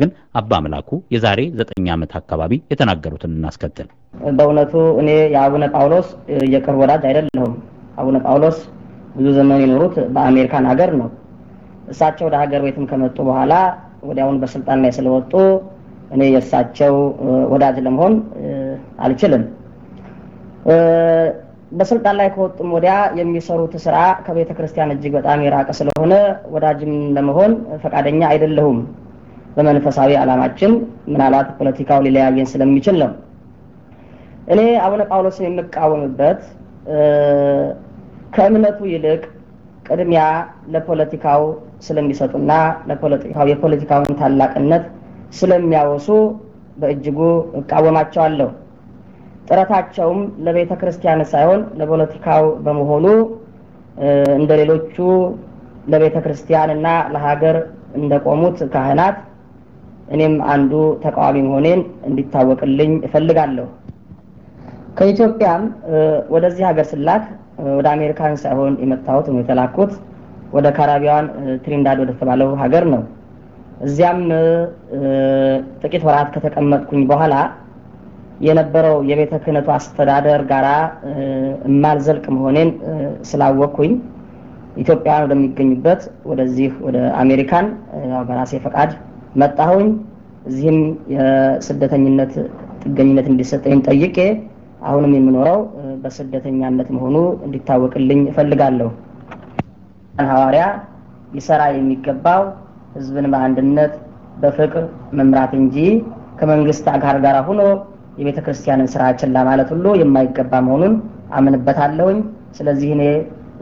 ግን አባ መላኩ የዛሬ ዘጠኝ ዓመት አካባቢ የተናገሩትን እናስከትል። በእውነቱ እኔ የአቡነ ጳውሎስ የቅርብ ወዳጅ አይደለሁም። አቡነ ጳውሎስ ብዙ ዘመን የኖሩት በአሜሪካን ሀገር ነው። እሳቸው ወደ ሀገር ቤትም ከመጡ በኋላ ወዲያውን በስልጣን ላይ ስለወጡ እኔ የእሳቸው ወዳጅ ለመሆን አልችልም። በስልጣን ላይ ከወጡም ወዲያ የሚሰሩት ስራ ከቤተ ክርስቲያን እጅግ በጣም የራቀ ስለሆነ ወዳጅም ለመሆን ፈቃደኛ አይደለሁም። በመንፈሳዊ አላማችን ምናልባት ፖለቲካው ሊለያየን ስለሚችል ነው እኔ አቡነ ጳውሎስን የምቃወምበት ከእምነቱ ይልቅ ቅድሚያ ለፖለቲካው ስለሚሰጡና ለፖለቲካው የፖለቲካውን ታላቅነት ስለሚያወሱ በእጅጉ እቃወማቸዋለሁ ጥረታቸውም ለቤተ ክርስቲያን ሳይሆን ለፖለቲካው በመሆኑ እንደ ሌሎቹ ለቤተ ክርስቲያን እና ለሀገር እንደቆሙት ካህናት እኔም አንዱ ተቃዋሚ መሆኔን እንዲታወቅልኝ እፈልጋለሁ ከኢትዮጵያም ወደዚህ ሀገር ስላክ ወደ አሜሪካን ሳይሆን የመታሁት ነው የተላኩት ወደ ካራቢያን ትሪንዳድ ወደተባለው ሀገር ነው እዚያም ጥቂት ወራት ከተቀመጥኩኝ በኋላ የነበረው የቤተ ክህነቱ አስተዳደር ጋራ እማልዘልቅ መሆኔን ስላወቅኩኝ ኢትዮጵያውያን ወደሚገኙበት ወደዚህ ወደ አሜሪካን በራሴ ፈቃድ መጣሁኝ እዚህም የስደተኝነት ጥገኝነት እንዲሰጠኝ ጠይቄ አሁንም የምኖረው በስደተኛነት መሆኑ እንዲታወቅልኝ እፈልጋለሁ ሐዋርያ ይሰራ የሚገባው ህዝብን በአንድነት በፍቅር መምራት እንጂ ከመንግስት አጋር ጋር ሁኖ የቤተ ክርስቲያንን ስራ ችላ ማለት ሁሉ የማይገባ መሆኑን አምንበታለሁኝ ስለዚህ እኔ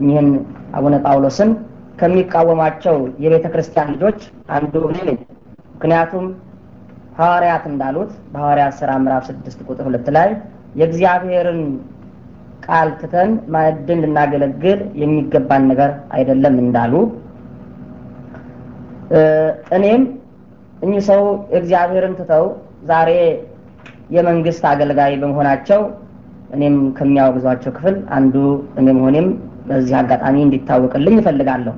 እኚህን አቡነ ጳውሎስን ከሚቃወማቸው የቤተ ክርስቲያን ልጆች አንዱ ነኝ ምክንያቱም ሐዋርያት እንዳሉት በሐዋርያት ሥራ ምዕራፍ ስድስት ቁጥር ሁለት ላይ የእግዚአብሔርን ቃል ትተን ማዕድን ልናገለግል የሚገባን ነገር አይደለም እንዳሉ እኔም እኚህ ሰው የእግዚአብሔርን ትተው ዛሬ የመንግስት አገልጋይ በመሆናቸው እኔም ከሚያወግዟቸው ክፍል አንዱ እኔ መሆኔም በዚህ አጋጣሚ እንዲታወቅልኝ ይፈልጋለሁ